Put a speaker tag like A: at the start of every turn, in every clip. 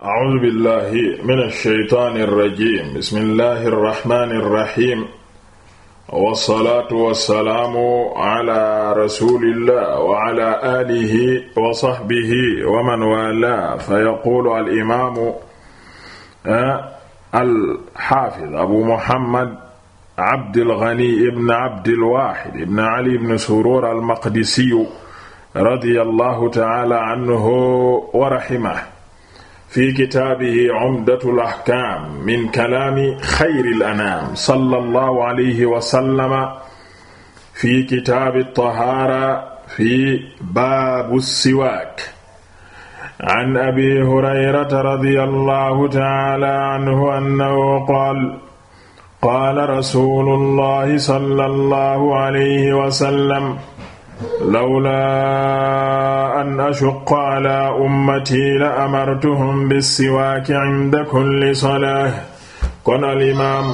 A: A'uuzu billahi mina shaytaani rajiim bismillahi rahmaani rahiim wasalaatu wasalaamu ala rasulillah wa ala aalihi wa sahbihi wa man waalaahu fa yaquulu al imaamu eh, al xaafiz abu muhammad Abdul Ghani ibn Abdul Waahid ibn Ali ibn Suruur al maqdisiyu radiyallahu ta'aala anhu wa rahimahu fi kitaabihi Umdatul Ahkaam min kalaami xayril anaam sallallahu alayhi wa sallama fi kitaabi tahaara fi baabu siwaak an abi hurayrata radiyallahu ta'aala anhu annahu qaala qaala rasuulullahi sallallahu alayhi wa sallam lawlaa an ashuqqa ala ummati la amartuhum bissiwaaki inda kulli salaah kon alimaam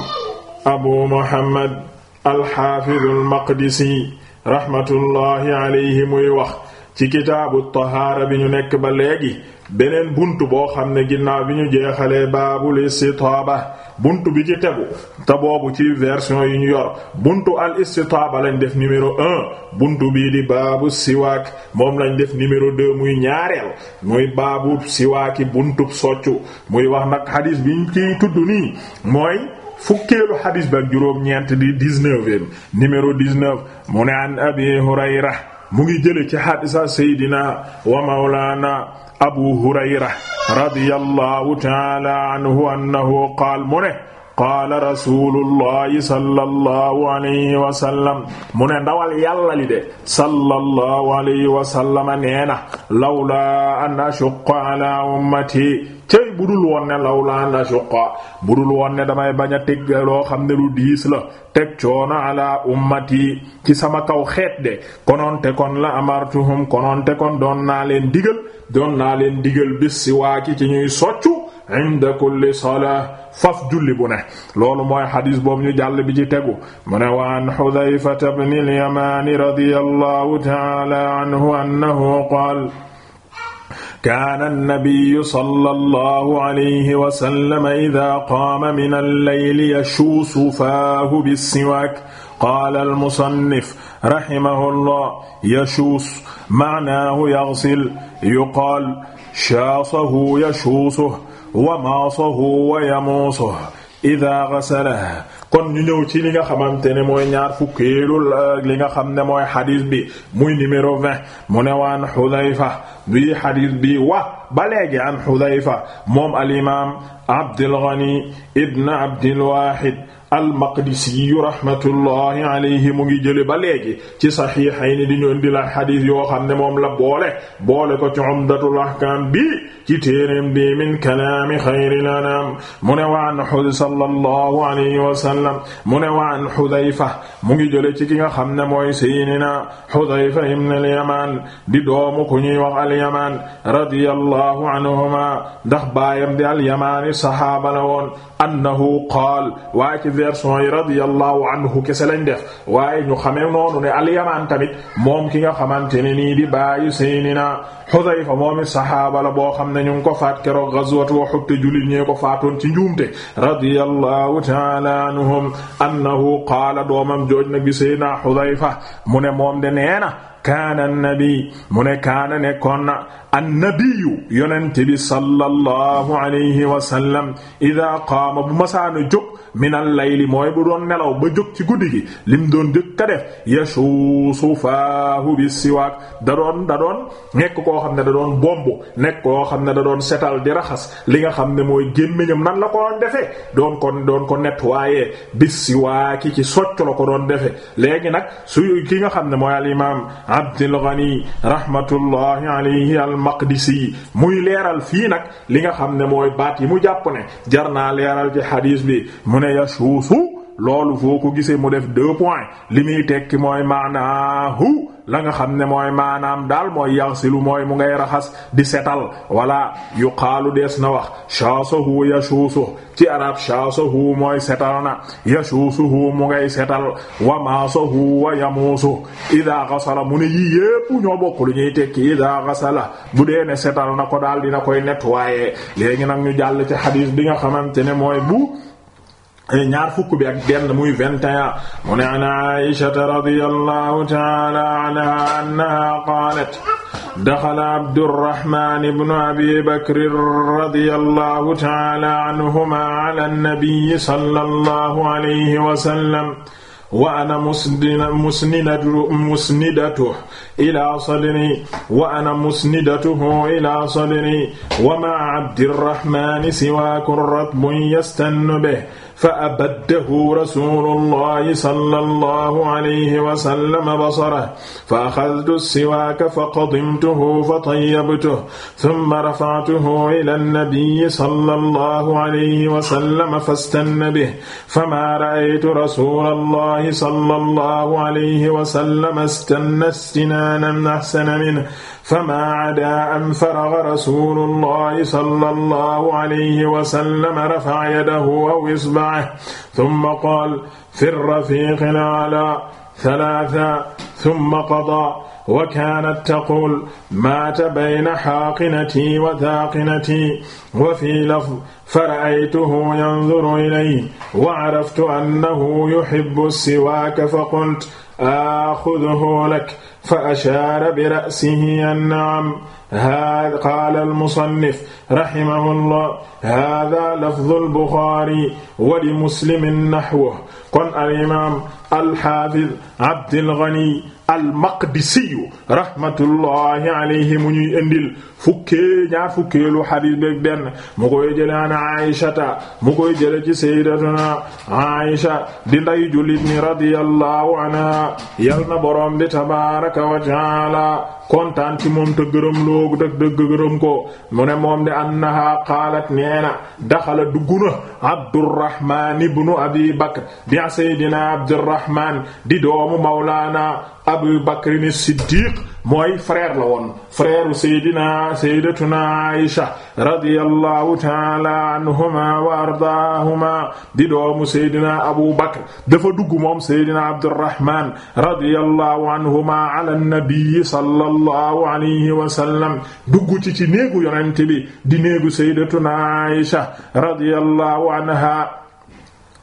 A: abu muhammad alxaafidu almaqdisi raxmatullahi alayhi muy wax ci kitaabu tahaara bi ñu nekk ba léegi beneen buntu boo xam ne ginnaaw bi ñu jeexalee baabul istitaaba buntu bi ci tegu te boobu ci version yu ñu yor buntu al istitaaba lañ def numéro un buntu bii di baabu siwaak moom lañ def numéro deux muy ñaareel muy baabu siwaaki buntub soccu muy wax nag xadiis biñ ciy tudd nii mooy fukkeelu xadiis bi ak juróom-ñeent di dix-neuvième numéro dix-neuf mu ne an abi hurayra mu ngi jële ci xadiisa seydina wa mawlaana abu hurayra radiyallahu taala anhu annahu qaal mu ne qaala rasulullahi sallallahu alayhi wa sallam mu ne ndawal yàlla li de sallallahu alayhi wa sallam nee na lawla an ashuqqa ala ummati bu dul woon ne lawlaa nasuqa bu dul woon ne damay bañ a teg loo xam ne lu diis la teg coono ala ummati ci sama kaw xeet de kononte kon la amartuhum kononte kon doon naa leen digal doon naa leen digal bis si waaki ci ñuy soccu inda kulli salah faf julli bu ne loolu mooy xadis boobu ñu jàll bi ci tegu mu ne wa an xudayfata bni lyamaani radiyallahu taala anhu annahu qaal kaana nabiyu sallallahu alayhi wa sallam idaa qaama mina al-layli yashuusu faahu bis-siwaak qaala al-musannif rahimahullah yashuus ma'naahu yaghsil yuqaal shaasahu yashuusuhu wa maasahu wa yamuusuhu idaa ghasalahu kon ñu ñëw ci li nga xamante ne mooy ñaar fukkeelul li nga xam ne mooy xadiis bi muy numéro 20 mu ne waan Xudayfa bii xadis bii wax ba léegi an Xudayfa moom alimaam Abdul Ghani ibn Abdul Wahid al-Maqdisi rahmatullahi alayhi mu ngi jële ba léegi ci saxiixayni di ñu indi la xadis yoo xam ne moom la boole boole ko ci Umdatul Ahkaam bi ci téereem bi min kalaami xayril anaam mu ne wa an Xudayfa sallallahu alayhi wa sallam mu ne wa an Xudayfa mu ngi jële ci ki nga xam ne mooy Sayyidina Xudayfa ibn al-Yamaan di doomu ku ñuy wax alyamaan radiyallahu anhuma ndax baayam di alyamaani saxaaba la woon annahu qaal waaye ci version yi radiyallahu anhu kese lañ def waaye ñu xamee noonu ne alyamaan tamit moom ki nga xamante ne nii di baayu seydina Xudayfa moomi saxaaba la boo xam ne ñu ngi ko faat keroog gazwatu Uhud te jullit ñee ko faatoon ci njuumte radiyallahu ta'ala anhum annahu qaala doomam jooj na gi seydina Xudayfa mu ne moom de neena kaana nabi mu ne kaana nekkoon na annabiyu yonent bi sallallahu alayhi wa sallam idaa qaama bu masaana jóg minal layli mooy bu doon nelaw ba jóg ci guddi gi lim doon jëkk a def yasuusu faahu bi siwaak da doon da ko nekk xam ne da doon bomb nekk ko xam ne da doon setal di raxas li nga xam ne mooy gémmiñam nan la ko doon defee doon ko doon ko nettoyer bi siwaaki ci socc la ko doon defe léegi nag su ki nga xam ne mooy al imaam Abdul Ghani rahmatullahi alayhi al-Maqdisi muy leeral fii nag li nga xam ne mooy baat yi mu jàpp ne jar naa leeral ci xadiis bi mu ne yasuusu loolu foo ko gisee mu def deux point li muy tekki mooy maanaahu la nga xam ne mooy maanaam daal mooy yaxsilu mooy mu ngay raxas di setal wala yuqaalu dees na wax shaasahu yashuusu ci arab shaasahu mooy setal na yashuusuhu mu ngay setal wa maasahu wa yamuusu ida xasala mu ne yii yépp ñoo bokk lu ñuy tekki ida xasala bu dee ne setal na ko daal dina koy nettoyer léegi nag ñu jàll ci xadiis bi nga xamante ne mooy bu Eh, ñaar fukk bi ak benn muy vingt et un mu ne an aishata radiyallahu ta'ala anha annaha qalat daxala abdurrahman ibn abi bakr radiyallahu ta'ala anhuma ala an-nabiy sallallahu alayhi wa sallam wa ana musnidatu musnidatuhu ila sadri wa ana musnidatuhu ila sadri wa ma'a abdirrahmani siwaakun ratbun yastannu bihi fa abaddahu rasulullahi sallallahu alayhi wa sallam basarahu fa axadtu siwaaka fa qadimtuhu fa tayyabtuhu thumma rafa'tuhu ila nabiyyi sallallahu alayhi wa sallam fastanna bihi famaa ra'aytu rasulallahi sallallahu alayhi wa sallam istanna istinaanan ahsana minhu famaa adaa an faraga rasuulullahi sallallahu alayhi wa sallam rafa'a yadahu aw isba'ahu thumma qaala fi rafiiqil a'laa thalathan thumma qadaa wa kaanat taqul maata bayna xaaqinatii wa daaqinatii wa fii lafdin fara'aytuhu yanzuru ilayya wa caraftu annahu yuhibbu siwaaka faqultu aaxuduhu laka fa ashaara bi ra'sihi an na'am haa qaala almusannif rahimahullah hada lafdu albuxaari wa li muslimin nahwa kon alimaam alxaafid abdilgani almaqdisiyu rahmatullahi alayhi mu ñuy indil fukkee ñaar fukkeelu xadis bi benn mu koy jële an aishata mu koy jële ci sayyidatuna aisha di nday jullit ni radiyallahu anha yal na boroom bi tabaraka wa taala kontaan ci moom te gërëm loo googu dëgg dëgg gërëm ko mu ne moom de annaha qaalat nee na daxala dugguna Abdurrahman ibnu Abi Bakr bi Seydina Abdurrahman di doomu Mawlaana Abu Bakr as-Siddiq mooy frère la woon frère Seydina Sayyidatuna Aïcha radiyallahu taala anhuma wa ardaahuma di doomu Seydina Abu Bakr dafa dugg moom Seydina Abdurrahman radiyallahu anhuma ala nabi sallallahu alayhi wa sallam dugg ci ci néegu yonent bi di néegu Sayyidatuna Aïcha radiyallahu anha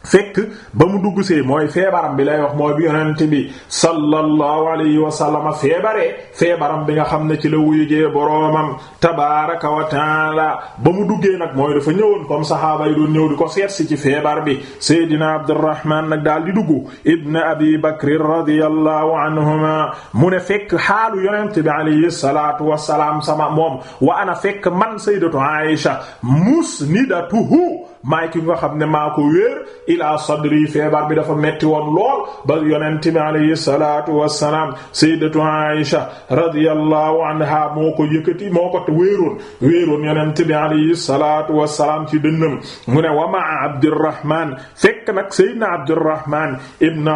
A: fekk ba mu dugg see mooy feebaram bi lay wax mooy bi yonent bi sallallahu alayhi wa sallam feebaree feebaram bi nga xam ne ci la wuyu jee boroomam tabaaraka wa taala ba mu duggee nag mooy dafa ñëwoon comme saxaaba yi doon ñëw di ko seet si ci feebar bi Seydina Abdurrahman nag daal di dugg Ibn Abi Bakr radiyallahu anhuma mu ne fekk xaalu yonent bi alayhi salaatu wa salaam sama moom wa ana fekk man Sayyidatu Aisha musnidatuhu maay ki nga xam ne maa ko wéer ilaa sadri feebar bi dafa metti woon lool ba yonent bi alayhi salaatu wassalaam sayyidatu Aisha radiyallahu anha moo ko yëkkati moo ko wéeroon wéeroon yonent bi alayhi salaatu wassalaam ci dënnam mu ne wa ma'a Abdurrahman fekk fekk nag Seydina Abdurrahman ibn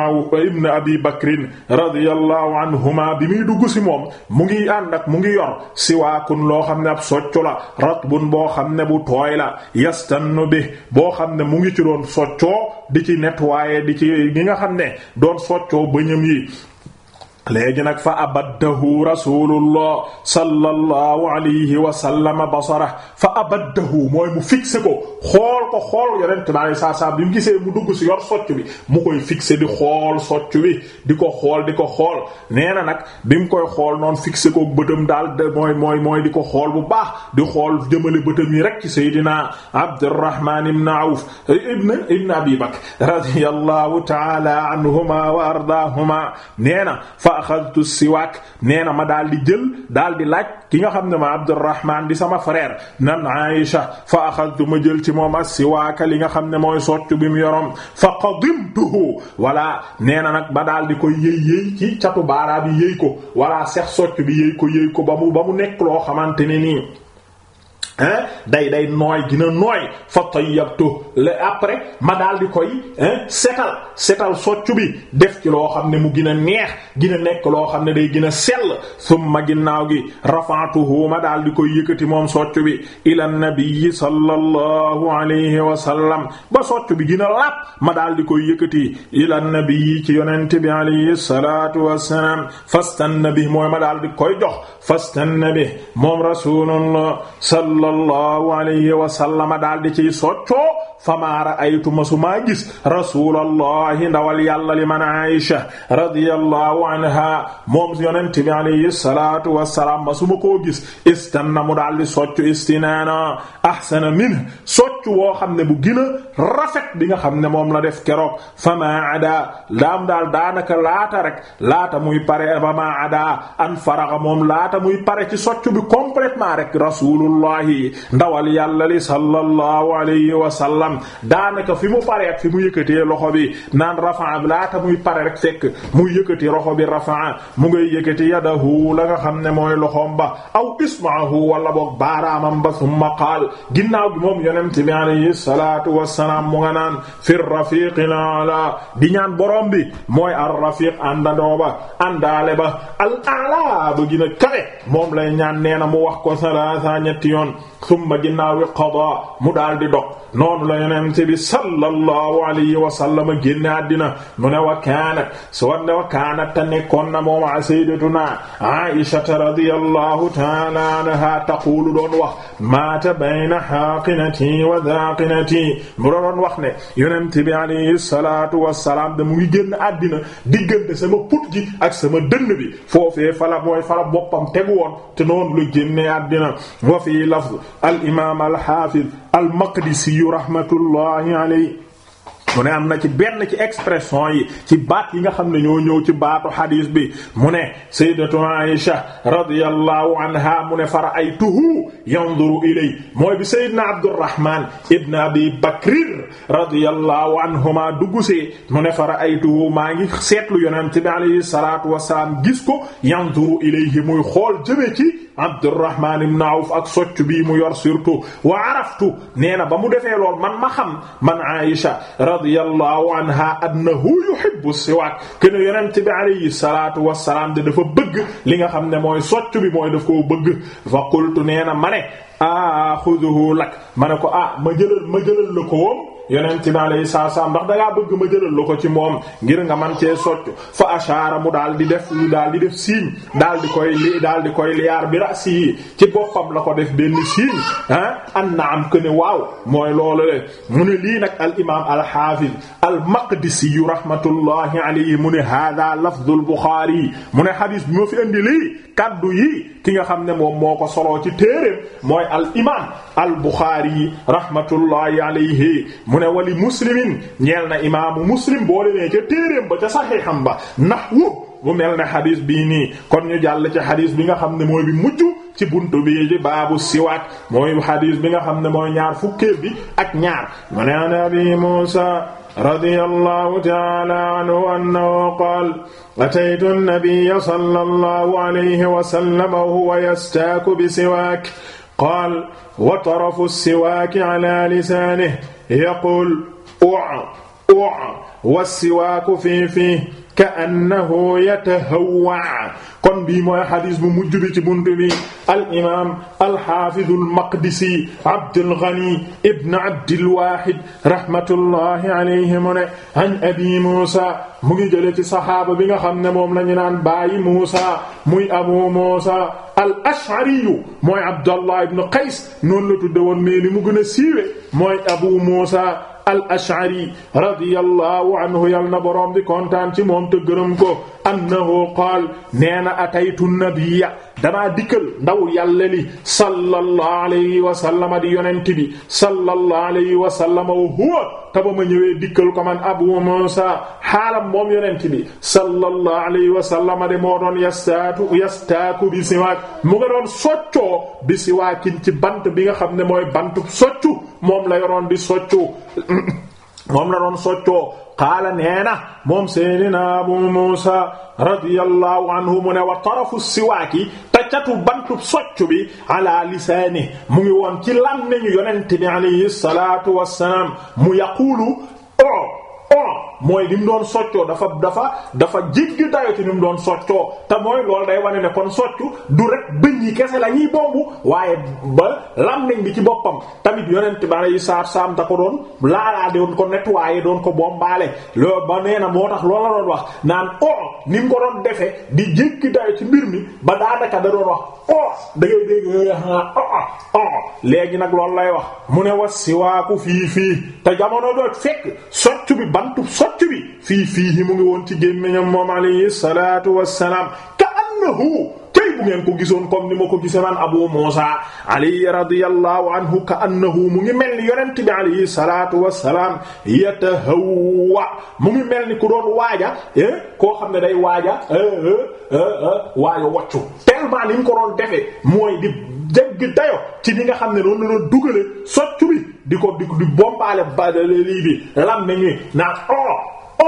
A: ibn Abi Bakrin radiyallahu anhuma bi muy dugg si moom mu ngi ànd ak mu ngi yor siwaakun loo xam ne ab soccu la ratbun boo xam ne bu tooy la yastan bi boo xam ne mu ngi ci doon soccoo di ci nettoyer di ci gi nga xam ne doon soccoo bëñam yi léegi nag fa abaddahu rasulullah sallallahu alayhi wa sallama basara fa abaddahu mooy mu fixé ko xool ko xool yonent bi saa saa bi mu gisee mu dugg si yor socc bi mu koy fixé di xool socc bi di ko xool di ko xool nee na nag bi mu koy xool noonu fixé ko bëtam daal de mooy mooy mooy di ko xool bu baax di xool jëmale bëtam yi rek ci Seydina Abdurrahman ibn Awf ibn ibn Abi Bakr radiyallahu ta'ala anhuma wa ardaahuma nee fa axadtu siwaak nee na ma daal di jël daal di laaj ki nga xam ne ma Abdurrahman di sama frère nan Aïcha fa axadtu ma jël ci moom as-siwaaka li nga xam ne mooy soccu bi mu yoroon fa qadimtuhu wala nee na ba daal di koy yëy yëy ci catu baaraa bi yëy ko walla sex soccu bi yëy ko yëy ko ba mu nekk loo xamante ne nii day day nooy gina nooy fa tayyabtu le après ma daal di koy setal setal soccu bi def ci loo xam ne mu gina a neex gën nekk loo xam ne day gina a sell summa ginnaaw gi rafa'tuhu ma daldi di koy yëkkati moom soccu bi ila nabiyyi sallallahu alayhi wa sallam ba soccu bi gina a ma daal di koy yëkkati ila nabiyyi ci yonente bi alayhi salatu wassalam fastanna bi mooy ma daal di koy jox fast bi moom rasulullah sallallahu alayhi wa sallama daal di ciy soccoo famaara aytu masumaa gis rasulallahi ndawal yàlla li man Aisha radiyallahu anha moom yonent bi alayhi salatu wasalaam masuma koo gis istanna mu daal di soccu istinaana ahsana min soccu woo xam ne bu gën a rafet bi nga xam ne moom la def keroog fama ada daam daal daanaka laata rek laata muy pare fama ada an faraga moom laata muy pare ci soccu bi complètement rek rasulullahi yi ndawal yàlla li sallallahu alayhi wa sallam daanaka fi mu pare fi mu yëkkatee loxo bi naan rafaa laata muy pare rek fekk muy yëkkati loxo bi rafaa mu nga yëkkati yadahu la nga xam ne mooy loxoom ba aw ismaahu wala boog baaraamam ba summa qaal ginnaaw bi moom yonent bi alayhi salaatu wassalaam mu nga naan fir rafiqil ala di ñaan borom mooy ar rafiq àndandoo ba àndaale ba al ala ba gën a moom lay ñaan nee na wax ko salaasa ñetti yoon summa ginnaawi qadaa mu daal di dog noonu la yonent bi sallallahu alayhi wa sallam génne àddina mu ne wa kaanat su wat ne wa kaanat ta nekkoon na moom sayyidatuna Aisha radiyallahu ta'ala anha taqulu doon wax maata bayna haaqinati wa daaqinati mu doon wax ne yonent bi alayhi salaatu wassalaam da mu ngi génn àddina diggante sama put gi ak sama dënn bi foofee fala mooy fala boppam tegu woon te noonu lu génne àddina wa fi lafz al imaam al xaafid al maqdisi rahmatullahi alayhi mu ne am na ci benn ci expression yi ci baat yi nga xam ne ñoo ñëw ci baatu xadiis bi mu ne sayyidatu Aisha radiyallahu anha mu ne fara ay tuhu yanzuru ilay mooy bi sayyidna Abdurrahman ibn Abi Bakr radiyallahu anhuma duggusee mu ne fara ay tuhu maa ngi seetlu yonent bi alayhi salaatu wasalaam gis ko yanzuru ilayhi muy xool jëme ci Abdurrahman ibn Awf ak socc bii mu yor surtout wa araftu nee na ba mu defee lool man ma xam man Aisha radiyallahu anha annahu yuhibbu siwaak ken yonent bi alayhi salaatu wassalaam de dafa bëgg li nga xam ne mooy socc bi mooy daf koo bëgg fa qultu nee na ma ne axuduhu lak ma ne ko ah ma jëlal ma jëlal la ko woom yonent bi alayhi salaam ndax dangaa bëgg ma jëlal la ko ci moom ngir nga man cee socc fa ashaara mu daal di def daal di daal di koy li daal di koy liyaar bi rasi yi ci boppam la ko def benn signe ah an na am que ne waaw mooy loolu le mu ne lii nag al imaam al hafiz al maqdisi yu rahmatullahi alayhi mu ne hada lafdul buxaari mu ne hadis bi ma fi indi lii kaddu yi ki nga xam ne moom moo ko soloo ci téeréem mooy al imaam al buxaari rahmatullahi alayhi mu wali muslimin ñeel na imaamu muslim boo demee ca téeréem ba ca saxiixam ba nahwu bu mel ne xadis bii nii kon ñu jàll ci xadis bi nga xam ne mooy bi mujj ci buntu bi ci baabu siwaak mooy bi nga xam ne mooy ñaar fukkeel bi ak ñaar mu ne an abi musa radiyallahu ta'ala anhu annahu qaala ataytu an-nabiyya sallallahu alayhi wa bi siwaak qaal wa tarafu siwaaki ala lisaanihi yaqul u u wa siwaaku fii fii ka annahu yatahawwa kon bii mooy xadis bu mujj bi ci bunt bi al imaam al xaafiz al maqdisi Abdul Ghani ibn Abdil Waahid rahmatullahi alayhi mu ne an abi Muusa mu ngi jëlee ci saxaaba bi nga xam ne moom la ñu naan baayi Muusa muy abu Muusa al ashariyu mooy Abdallah ibn Qays noonu la tudde woon mais li mu gën a siiwe mooy abu Muusa al ashari radiyallahu anhu yal na borom bi kontaan ci moom te gërëm ko annahu qaal nee na ataytu nabiyya damaa dikkal ndaw yàlla li sallallahu alayhi wa sallama di yonent bi sallallahu alayhi wa sallama wa huwa te ba ma ñëwee dikkal ko man abu musa xaalam moom yonent bi sallallahu alayhi wa sallama de moo doon yastaatu yastaaku bi siwaak mu nga doon soccoo bi siwaakin ci bant bi nga xam ne mooy bantu soccu moom la yoroon di soccu moom la doon soccoo qaala nee na moom seydina abu muusa radiyallahu anhu mu ne wa tarafu siwaaki te catu bantub soccu bi ala lisaani mu ngi woon ci làmmiñu yonente bi alayhi salaatu wassalaam mu yaquulu o oh, on mooy li mu doon soccoo dafa dafa dafa jéggi dayo ci ni mu doon soccoo te mooy loolu day wane ne kon soccu du rek bëñ yi kese la ñuy bombu waaye ba làmmiñ bi ci boppam tamit yonent bana yi saar saam da ko doon laalaa doon ko nettoyer doon ko bombaale loolu ba nee na moo tax loolu la doon wax naan on ni ko doon defee di jéggi dayo ci mbir mi ba daanaka da doon wax on da ngay dégg xanaa on on léegi nag loolu lay wax mu ne was siwaaku fii fii te jamono doot fekk soccu bi bantu socc bi fii fii mu ngi woon ci gémmiñam moom alayhi salaatu wassalaam ka annahu ngeen ko gisoon comme ni ma ko gisee man Abu Musa alayhi radiyallahu anhu ka annahu mu ngi mel ni yonent bi alayhi salatu wasalaam yatahawwa mu ngi mel ni ku doon waaja eh, koo xam ne day waaja eh, eh, waayo waccu tellement ni mu ko doon defee mooy di jégg dayo ci li nga xam ne noonu la doon dugale socc di ko di di bombaale ba lii bi lam na ñuy naan o oh,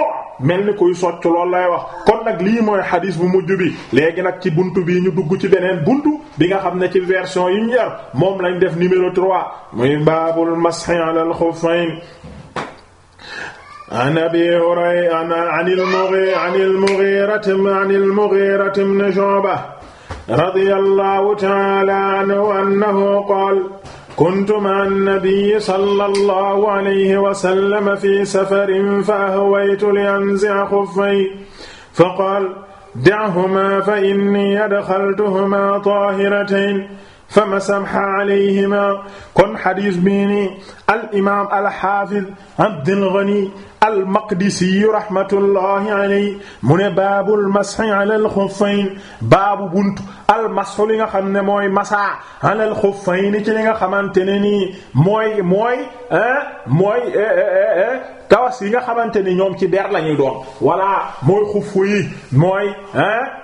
A: oh, mel ni kuy socc loolu lay wax kon nag lii mooy xadis bu mujj bi léegi nag ci bunt bii ñu dugg ci beneen bunt bi nga xam ne ci version yi ñu moom lañ def numéro 3 muy baabul mashi ala al xuffayn an abi hurayra an il mughira an il mughira an il mughira ibn shu'ba radiyallahu ta'ala anhu annahu kuntu ma'a an-nabiyyi sallallahu alayhi wa sallam fi safarin fa ahwaytu li anzi'a khuffayya fa qaala da'humaa fa innii adxaltuhumaa taahiratayn famassaha alayhimaa kon xadiis bii nii al imaam al xaafiz Abdul Ghani al Maqdisi rahmatullahi alayhi mu ne baabul mashi ala al xuffayn baabu buntu almasu li nga xam ne mooy masa alal xuffayni ci li nga xamante ne nii mooy mooy eh, mooy eh, eh, kawas yi nga xamante ni ñoom ci der lañuy doom walla mooy xufu yi mooy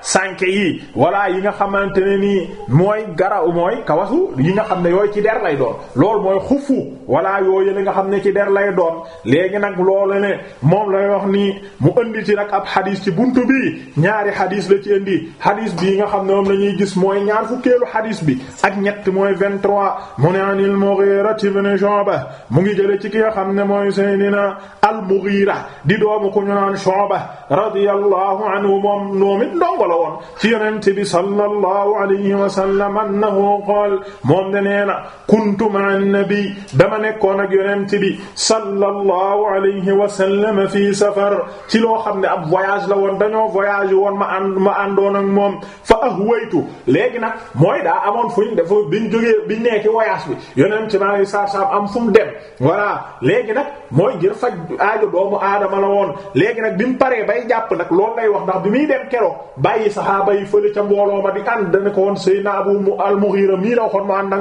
A: sànke yi walla yi nga xamante ne nii mooy garaw mooy kawasu yi nga xam ne yooyu ci der lay doon loolu mooy xufu walla yooyu li nga xam ne ci der lay doon léegi nag loolu ne moom lay wax nii mu indi ci nag ab xadiis ci buntu bi ñaari xadiis la ci indi xadiis bii nga xam ne moom lañuy gis mooy ñaar fukkeelu xadis bi ak ñett mooy 23 mu ne anil Mughira ibn Shu'ba mu ngi jële ci ki nga xam ne mooy Seydina al Mughira di doomu ko ñu naan Shu'ba radiyallahu anhu moom noom it ndongo la woon ci yonent bi sallallahu alayhi wa sallam annahu qaal moom de nee na kuntu ma'a an-nabi dama nekkoon ak yonent bi sallallahu alayhi wa sallam fi safar ci loo xam ne ab voyage la woon dañoo voyage woon ma ànd ma àndoon ak moom fa ahwaytu léegi nag mooy daa amoon fu ñu fuñ bi biñ jógee biñ nee ci voyage bi yonent ma lay saar saam am fu mu dem voilà léegi nag mooy ngir faj aajo doomu aadama la woon léegi nag bi mu paree bay jàpp nag loolu lay wax ndax bi muy dem keroog bàyyi saxaaba yi fële ca mbooloo ma di ànd dana ko woon Seydina Abu al-Mughira mii la waxoon ma ànd ak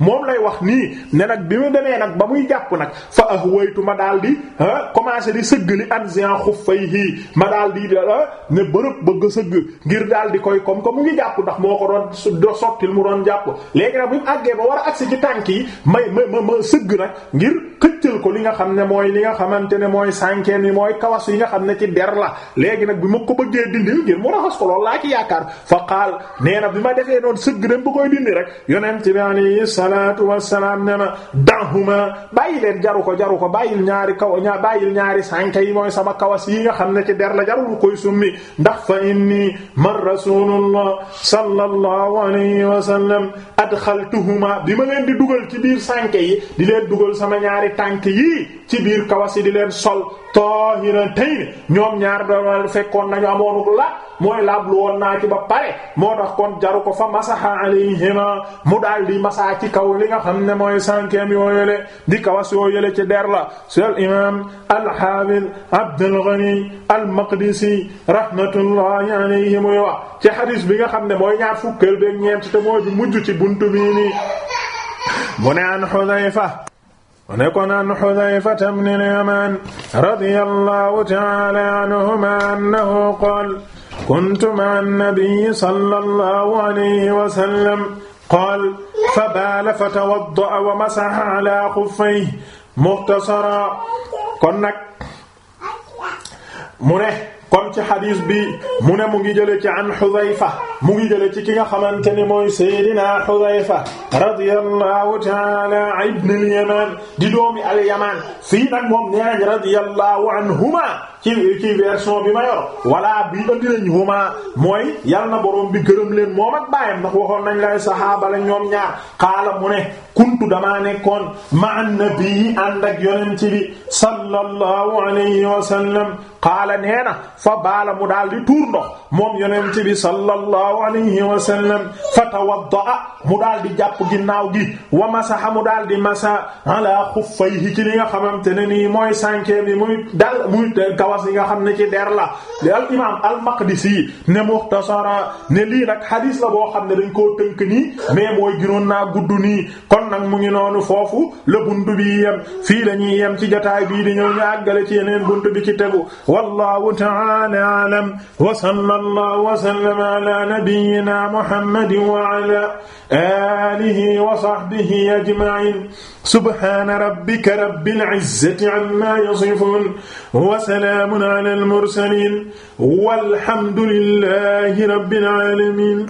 A: moom lay wax nii ne nag bi mu demee nag ba muy jàpp nag fa ahwaytu ma daal di ah commencé di sëgg li anzian xuffayhi ma daal di ne bërëb bëgg sëgg ngir daal di koy comme que ndax moo ko doon su sottil mu doon jàpp léegi nag bu mu àggee ba war a agsi ci tànk yi may ma sëgg nag ngir xëccal ko li nga xam ne mooy li nga xamante ne mooy sànkeen yi mooy kawas yi nga xam ne ci der la léegi nag bi ma ko bëggee dindi ngir mu raxas ko loolu laa ci yaakaar fa qaal nee na bi ma defee noonu sëgg dem bu koy dindi rek yonent bi alayhi salaatu wassalaam ne na dahuma bàyyi leen jaru ko jaru ko bàyyil ñaari kaw ñaar bàyyil ñaari sànke yi mooy sama kawas yi nga xam ne ci der la jarul koy summi ndax fa inni man rasulullah sallallahu alayhi wa sallam adxaltuhuma bi ma leen di dugal ci biir sànke yi di leen dugal sama ñaari tànk yii ci biir kawas yi di leen sol tahiratayn ñoom ñaar dama fekkoon nañu amoonu la mooy laablu woon naa ci ba pare moo tax kon jaru ko fa masaha alayhima mu daal di masaa ci kaw li nga xam ne mooy sànkeem yoo yële di kawas yoo yële ci der la sel imam alxaafid Abdul Ghani al-Maqdisi rahmatullahi alayhi wax ci hadis bi nga xam ne mooy ñaar fukkeel beeg ñeent buntu bii nii mu ne an Xudayfa mu ne kon an Xudayfa ibn al-Yaman radiyallahu ta'ala anhuma annahu qaala kuntu ma'a an-nabiyyi sallallahu alayhi wa sallam qaala fabaala fatawadda'a wa masaha ala xuffayhi muxtasara kon nag mu ne kon ci xadiis bi mu ne mu ngi jële ci an Xudayfa mu ngi jële ci ki nga xamante ne mooy Seydina Xudayfa radiyallahu taala ibn al-Yaman di doomi al-Yaman fii nag moom neerañ radiyallahu anhuma ci ci version bi ma yor wala bi andi nañ huma mooy yal na borom bi gërëm leen moom ak baayam ndax waxoon nañ lay sahaaba la ñoom ñaar xaala mu ne kuntu damaa nekkoon ma nabi ànd ak yonent bi sallallahu alayhi wa sallam xaala nee na fa baala mu daal di tuur ndox moom yonent bi sallallahu sallallahu alayhi wa sallam fatawaddaa mu daal di jàpp ginnaaw gi wa masaha mu daal di masa ala xuffayhi ci li nga xamante ne nii mooy sànke bi muy dal muy kawas yi nga xam ne ci der la li al imam al maqdisi ne muxtasara ne lii nag hadis la boo xam ne dañ koo tënk nii mais mooy ginoon naa gudd nii nag mu ngi noonu foofu la buntu bi yem fii la ñuy yem ci jotaay bii di ñëw ñu àggale ci yeneen buntu bi ci tegu wallahu ta'ala a'lam wa sallallahu wa sallama ala nabiyyina muhammadin wa ala alihi wa sahbihi ajma'in subhana rabbika rabbil izzati amma yasifun wa salamun ala al mursalin walhamdulillahi rabbil alamin